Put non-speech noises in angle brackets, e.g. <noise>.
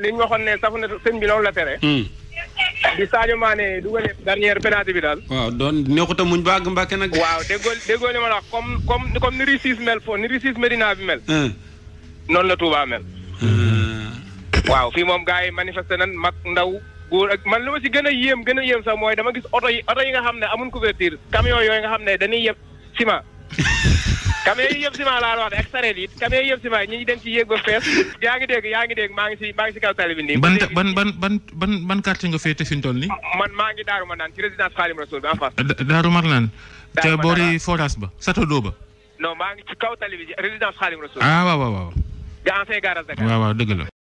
li ñu waxoon ne safu na sëñ bi loolu la tere. bi hmm. Sadio Mané dugalee dernière penalty bi daal. waaw doon neexut a muñ baag Mbàkke nag. waaw déggoo déggoo li la comme comme ni Ricis mel ni Ricis Medina bi mel. Hmm. noonu la Touba mel. Hmm. waaw fii moom gars yi manifester nan mag ndaw. góor man li ma si gën a yéem gën a yéem sax mooy dama gis oto yi oto yi nga xam ne amuñ couverture camion yooyu nga xam ne dañuy yeb ciment. <laughs> camion yi yëpp ciment laa la wax de ak sareet yi camion yi yëpp ciment dem ci yéeg ba fees yaa ngi dégg yaa ngi dégg maa ngi si maa ngi si kaw tali bi ban ban ban ban nga féete fi ñu toll man maa ngi Daaru Marnaan ci résidence Xaalim Rasoul bi en face Daaru boori forage ba Satodo ba non maa ngi ci kaw tali bi résidence Xaalim Rasoul ah waaw waaw waaw ga ancien garage Dakar waaw waaw dëgg la